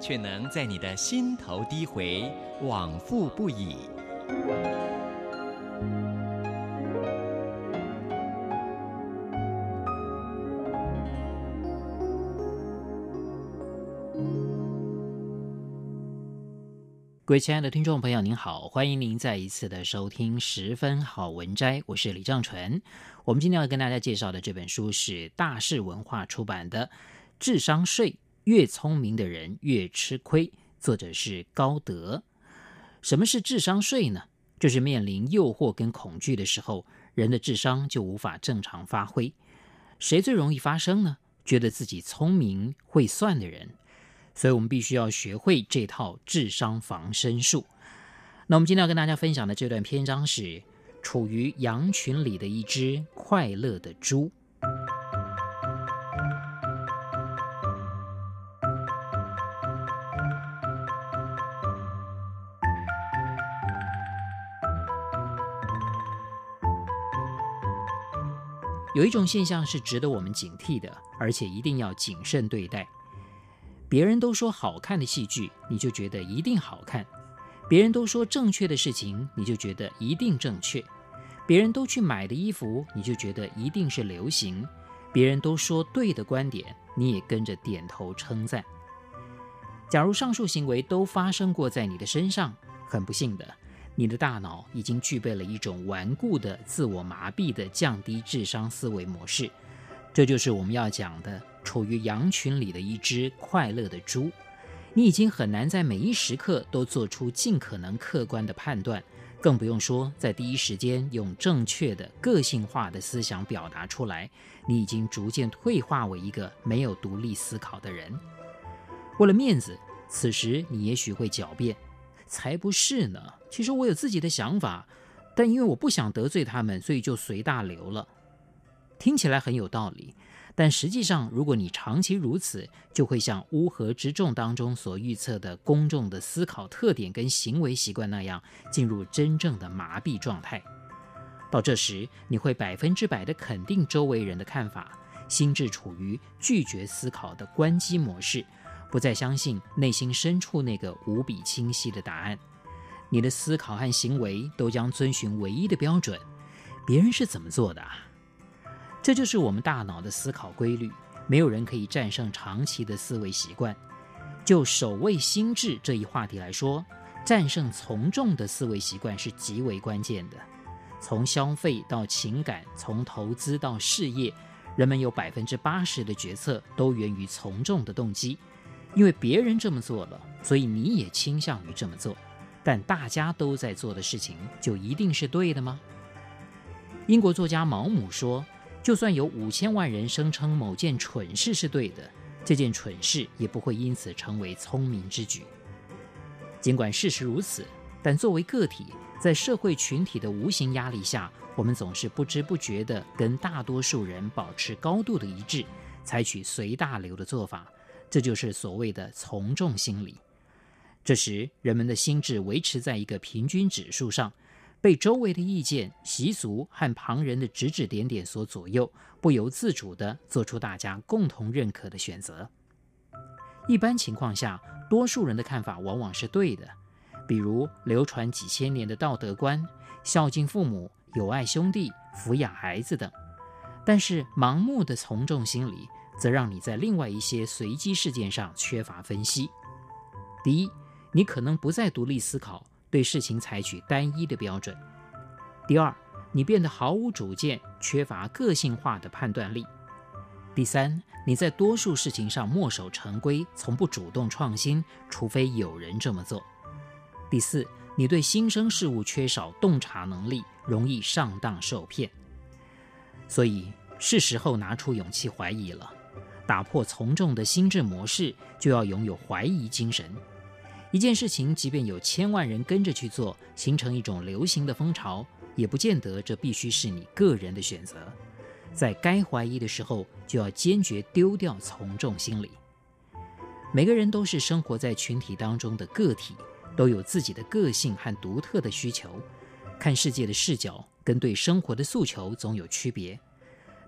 卻能在你的心頭低回，往復不已。各位親愛的聽眾朋友，您好，歡迎您再一次的收聽《十分好文摘》，我是李正純。我們今天要跟大家介紹的這本書是大是文化出版的《智商稅》。越聰明的人越吃虧。作者是高德。什麼是智商稅呢？就是面臨誘惑跟恐懼的時候，人的智商就無法正常發揮。誰最容易發生呢？覺得自己聰明會算的人。所以，我們必須要學會這套智商防身術。那我們今天要跟大家分享的這段篇章是《處於羊群裡的一隻快樂的豬》。有一種現象是值得我們警惕的，而且一定要謹慎對待。別人都說好看的戲劇，你就覺得一定好看；別人都說正確的事情，你就覺得一定正確；別人都去買的衣服，你就覺得一定是流行；別人都說對的觀點，你也跟着點頭稱讚。假如上述行為都發生過在你的身上，很不幸的。你的大腦已經具備了一種頑固的自我麻痹的降低智商思維模式，這就是我們要講的處於羊群裡的一隻快樂的豬。你已經很難在每一時刻都做出盡可能客觀的判斷，更不用說在第一時間用正確的個性化的思想表達出來。你已經逐漸退化為一個沒有獨立思考的人。為了面子，此時你也許會狡辯。才不是呢！其實我有自己的想法，但因為我不想得罪他們，所以就隨大流了。聽起來很有道理，但實際上，如果你長期如此，就會像烏合之眾當中所預測的公眾的思考特點跟行為習慣那樣，進入真正的麻痹狀態。到這時，你會百分之百的肯定周圍人的看法，心智處於拒絕思考的關機模式。不再相信內心深處那個無比清晰的答案，你的思考和行為都將遵循唯一的標準，別人是怎麼做的啊？這就是我們大腦的思考規律，沒有人可以戰勝長期的思維習慣。就守衛心智這一話題來說，戰勝從眾的思維習慣是極為關鍵的。從消費到情感，從投資到事業，人們有百分之八十的決策都源於從眾的動機。因為別人這麼做了，所以你也傾向於這麼做。但大家都在做的事情，就一定是對的嗎？英國作家毛姆說：“就算有五千萬人聲稱某件蠢事是對的，這件蠢事也不會因此成為聰明之舉。”儘管事實如此，但作為個體，在社會群體的無形壓力下，我們總是不知不覺地跟大多數人保持高度的一致，採取隨大流的做法。這就是所謂的從眾心理。這時，人們的心智維持在一個平均指數上，被周圍的意見、習俗和旁人的指指點點所左右，不由自主地做出大家共同認可的選擇。一般情況下，多數人的看法往往是對的，比如流傳幾千年的道德觀：孝敬父母、友愛兄弟、撫養孩子等。但是，盲目的從眾心理，則讓你在另外一些隨機事件上缺乏分析。第一，你可能不再獨立思考，對事情採取單一的標準。第二，你變得毫無主見，缺乏個性化的判斷力。第三，你在多數事情上墨守成規，從不主動創新，除非有人這麼做。第四，你對新生事物缺少洞察能力，容易上當受騙。所以，是時候拿出勇氣懷疑了。打破從眾的心智模式，就要擁有懷疑精神。一件事情，即便有千萬人跟着去做，形成一種流行的風潮，也不見得這必須是你個人的選擇。在該懷疑的時候，就要堅決丟掉從眾心理。每個人都是生活在群體當中的個體，都有自己的個性和獨特的需求，看世界的視角跟對生活的訴求總有區別。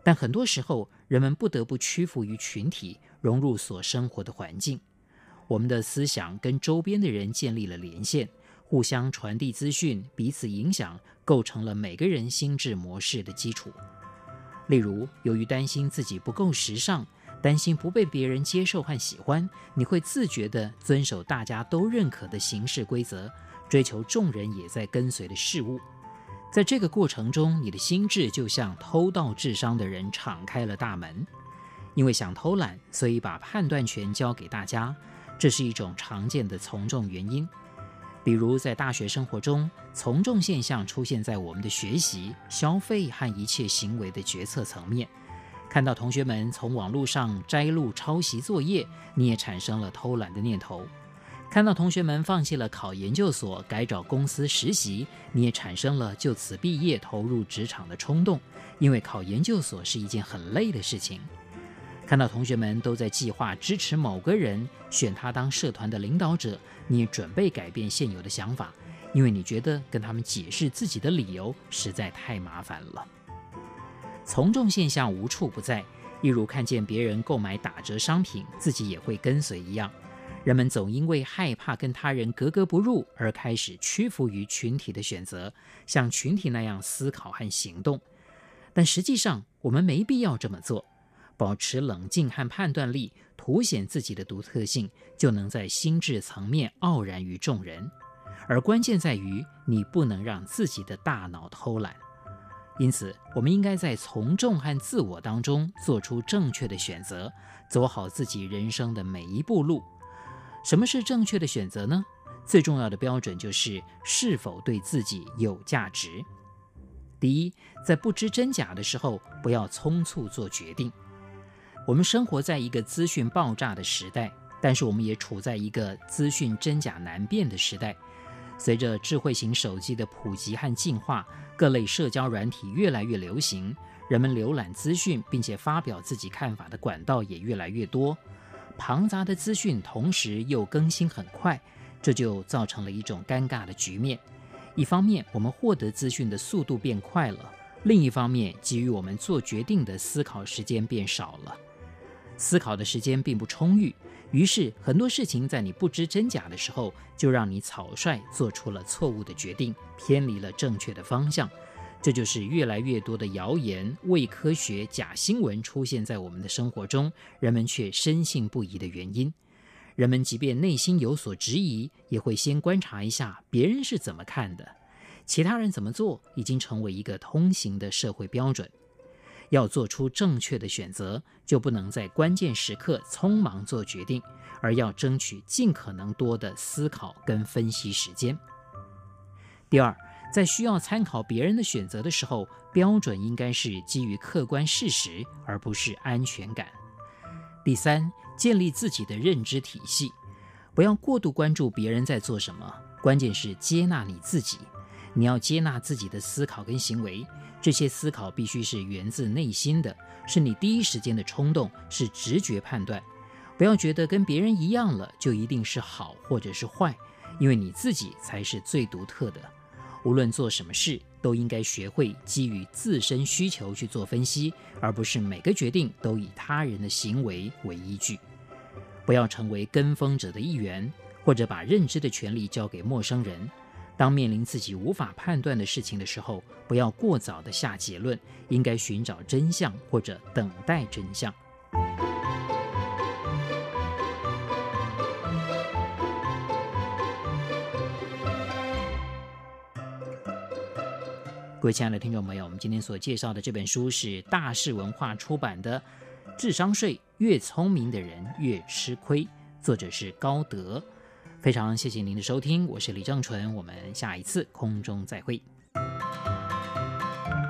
但很多時候，人們不得不屈服於群體，融入所生活的環境。我們的思想跟周邊的人建立了連線，互相傳遞資訊，彼此影響，構成了每個人心智模式的基礎。例如，由於擔心自己不夠時尚，擔心不被別人接受和喜歡，你會自覺地遵守大家都認可的行事規則，追求眾人也在跟隨的事物。在這個過程中，你的心智就像偷盜智商的人敞開了大門，因為想偷懶，所以把判斷權交給大家，這是一種常見的從眾原因。比如在大學生活中，從眾現象出現在我們的學習、消費和一切行為的決策層面。看到同學們從網絡上摘錄抄襲作業，你也產生了偷懶的念頭。看到同學們放棄了考研究所，改找公司實習，你也產生了就此畢業投入職場的衝動，因為考研究所是一件很累的事情。看到同學們都在計劃支持某個人，選他當社團的領導者，你也準備改變現有的想法，因為你覺得跟他們解釋自己的理由實在太麻煩了。從眾現象無處不在，一如看見別人購買打折商品，自己也會跟隨一樣。人們總因為害怕跟他人格格不入而開始屈服於群體的選擇，像群體那樣思考和行動。但實際上，我們沒必要這麼做。保持冷靜和判斷力，凸顯自己的獨特性，就能在心智層面傲然於眾人。而關鍵在於，你不能讓自己的大腦偷懶。因此，我們應該在從眾和自我當中做出正確的選擇，走好自己人生的每一步路。什麼是正確的選擇呢？最重要的標準就是是否對自己有價值。第一，在不知真假的時候，不要匆促做決定。我們生活在一個資訊爆炸的時代，但是我們也處在一個資訊真假難辨的時代。隨着智慧型手機的普及和進化，各類社交軟體越來越流行，人們瀏覽資訊並且發表自己看法的管道也越來越多。龐雜的資訊，同時又更新很快，這就造成了一種尷尬的局面。一方面，我們獲得資訊的速度變快了；另一方面，給予我們做決定的思考時間變少了。思考的時間並不充裕，於是很多事情在你不知真假的時候，就讓你草率做出了錯誤的決定，偏離了正確的方向。這就是越來越多的謠言、偽科學、假新聞出現在我們的生活中，人們卻深信不疑的原因。人們即便內心有所質疑，也會先觀察一下別人是怎麼看的，其他人怎麼做已經成為一個通行的社會標準。要做出正確的選擇，就不能在關鍵時刻匆忙做決定，而要爭取盡可能多的思考跟分析時間。第二，在需要參考別人的選擇的時候，標準應該是基於客觀事實，而不是安全感。第三，建立自己的認知體系，不要過度關注別人在做什麼。關鍵是接納你自己，你要接納自己的思考跟行為，這些思考必須是源自內心的，是你第一時間的衝動，是直覺判斷。不要覺得跟別人一樣了，就一定是好或者是壞，因為你自己才是最獨特的。無論做什麼事，都應該學會基於自身需求去做分析，而不是每個決定都以他人的行為為依據。不要成為跟風者的一員，或者把認知的權利交給陌生人。當面臨自己無法判斷的事情的時候，不要過早地下結論，應該尋找真相或者等待真相。各位親愛的聽眾朋友，我們今天所介紹的這本書是大是文化出版的《智商稅：越聰明的人越吃虧》，作者是高德。非常謝謝您的收聽，我是李正淳，我們下一次空中再會。